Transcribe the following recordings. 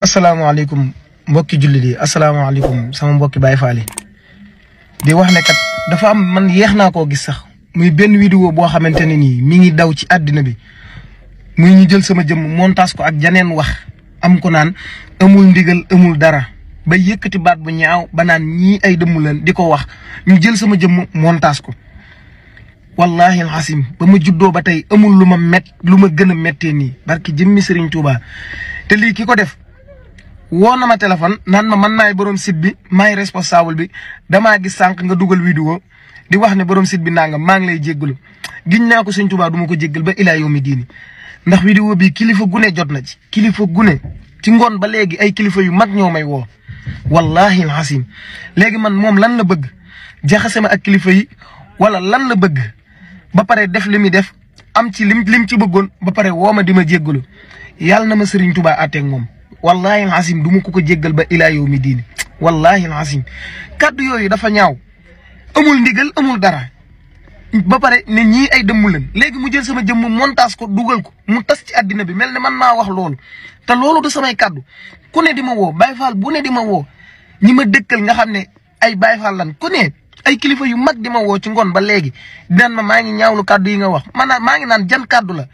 asalaamaaleykum mbokki jullit yi asalaamaaleykum sama mbokki Baye Fall di wax ne dafa am man yeex naa koo gis sax muy benn vidéo boo xamante ne nii mi ngi daw ci àddina bi muy ñu jël sama jëmm montage ko ak janeen wax am ko naan amul ndigal amul dara ba yëkkati baat bu ñaaw ba naan ñii ay dëmm leen di ko wax ñu jël sama jëmm montage ko. wallahi alxasim ba ma juddoo ba tey amul lu ma met lu ma gën a mettee nii barki jëmmi Serigne Touba te lii ki ko def woo na ma téléphone naan ma man maay borom site bi maay responsable bi damaa gis sànq nga dugal vidéo di wax ne borom site bi nangam maa ngi lay jéggalu giñ naa ko Serigne Touba du ko jéggal ba ilaa yow mi diini ndax vidéo bi kilifa gune jot na ci kilifa gune ci ngoon ba léegi ay kilifa yu mag ñoo may woo wallahi alxasim léegi man moom lan la bëgg jaxase ma ak kilifa yi wala lan la bëgg ba pare def li muy def am ci lim lim ci bëggoon ba pare woo ma di ma jéggalu yàlla na ma sëriñ tubaa àtteeg moom wallahi alxasim du ma ko ko jéggal ba ilaa yow mi diini wallahi alxasim kàddu yooyu dafa ñaaw amul ndigal amul dara ba pare ne ñii ay dëmm leen léegi mu jël sama jëmm montage ko dugal ko mu tas ci àddina bi mel ne man maa wax loolu te loolu du samay kàddu ku ne di ma woo Baye Fall bu ne di ma woo ñi ma dëkkal nga xam ne ay Baye Fall lan ku ne ay kilifa yu mag di ma woo ci ngoon ba léegi dinañ ma maa ngi ñaawlu kàddu yi nga wax man maa ngi naan jan kàddu la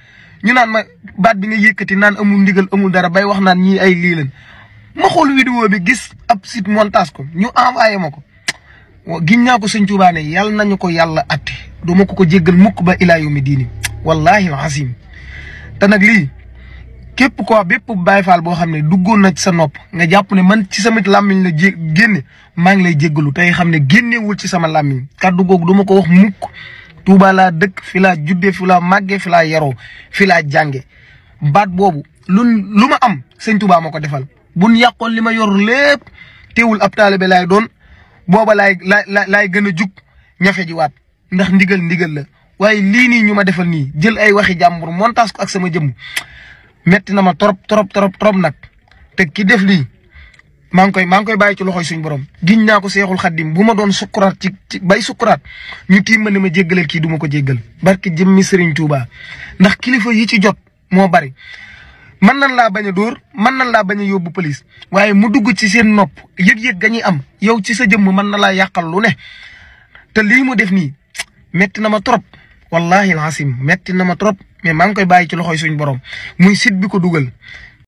ñu naan ma baat bi nga yëkkati naan amul ndigal amul dara bay wax naan ñii ay lii leen ma xool vidéo bi gis ab site montage ko ñu envoyé ma ko ko sëñ Tuubaa ne nañu ko yàlla du ma ko ko jéggal mukk ba ilaa yawmi diini wallaahi asim te nag lii képp koo bépp Baay Faal boo xam ne duggoon na ci sa nopp nga jàpp ne man ci sama làmmiñ la jé génne maa ngi lay jéggalu tey xam ne génnewul ci sama làmmiñ kàddu googu du ma ko wax mukk Tuuba dëkk fi laa juddee fi laa màggee fi laa yaroo fi laa jànge baat boobu lu lu ma am sëñ Tuuba ma ko defal buñ yàqoon li ma yor lépp teewul ab taalibe laay doon booba laay laay gën a jug ñafe ji waat ndax ndigal ndigal la waaye lii nii ñu ma defal nii jël ay waxi jàmbur montage ko ak sama jëmm metti na ma trop trop trop trop nag te ki def lii maa ngi koy maa ngi koy bàyyi ci loxoy suñu borom. giñ naa ko seexul xaddim bu ma doon sukkuraat ci bay sukkuraat ñu tiim ma ne ma jéggaleel kii du ma ko jéggal. barke jëmmi Serigne Touba ndax kilifa yi ci jot moo bari mën nan laa bañ a dóor mën nan laa bañ a yóbbu police waaye mu dugg ci seen nopp yëg-yëg ga am yow ci sa jëmm mën na laa yàqal lu ne te lii mu def nii. metti na ma trop wallahi lancim metti na ma trop mais maa ngi koy bàyyi ci loxoy suñu borom muy site bi ko dugal